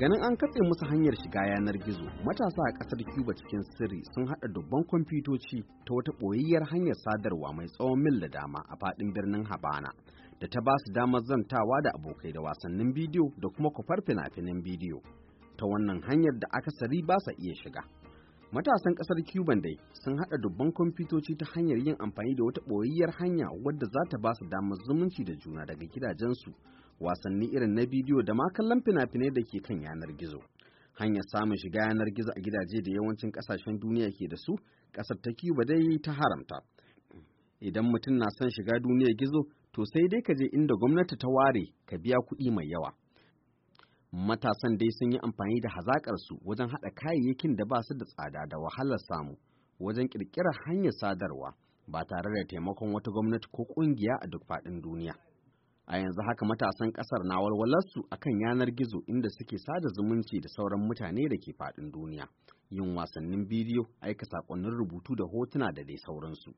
ganin an katse musu hanyar shiga yanar gizo matasa a kasar cuba cikin sirri sun haɗa dubban kwamfutoci ta wata ɓoyayyar hanyar sadarwa mai tsawon mil da dama a faɗin birnin habana da ta ba su damar zantawa da abokai da wasannin bidiyo da kuma kwafar fina-finan bidiyo ta wannan hanyar da akasari ba sa iya shiga Matasan ƙasar Cuban dai sun haɗa dubban kwamfutoci ta hanyar yin amfani da wata ɓoyayyar hanya wadda za ta ba su damar zumunci da juna daga gidajensu, wasanni irin na bidiyo da makallan fina-finai da ke kan yanar gizo. Hanyar samun shiga yanar gizo a gidaje da yawancin ƙasashen duniya ke da su, ƙasar ta Cuba dai ta haramta. Idan mutum na son shiga duniyar gizo, to sai dai ka je inda gwamnati ta ware ka biya kuɗi mai yawa. matasan dai sun yi amfani da hazaƙarsu wajen haɗa kayayyakin da ba su da tsada da wahalar samu wajen ƙirƙirar hanyar sadarwa ba tare da taimakon wata gwamnati ko ƙungiya a duk faɗin duniya. A yanzu haka matasan ƙasar na walwalarsu a kan yanar gizo inda suke sada zumunci da sauran mutane da ke faɗin duniya, yin wasannin bidiyo, aika saƙonnin rubutu da hotuna da dai sauransu.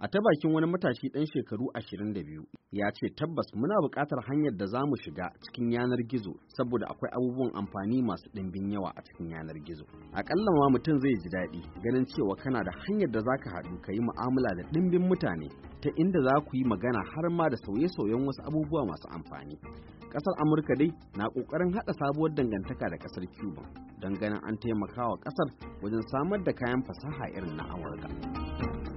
A ta bakin wani matashi ɗan shekaru 22 ya ce tabbas muna buƙatar hanyar da za mu shiga cikin yanar gizo saboda akwai abubuwan amfani masu ɗimbin yawa a cikin yanar gizo. Aƙalla ma mutum zai ji daɗi ganin cewa kana da hanyar da za ka haɗu ka yi mu'amala da ɗimbin mutane ta inda za ku yi magana har ma da sauye-sauyen wasu abubuwa masu amfani. Ƙasar Amurka dai na ƙoƙarin haɗa sabuwar dangantaka da ƙasar Cuba don ganin an taimaka wa ƙasar wajen samar da kayan fasaha irin na Amurka.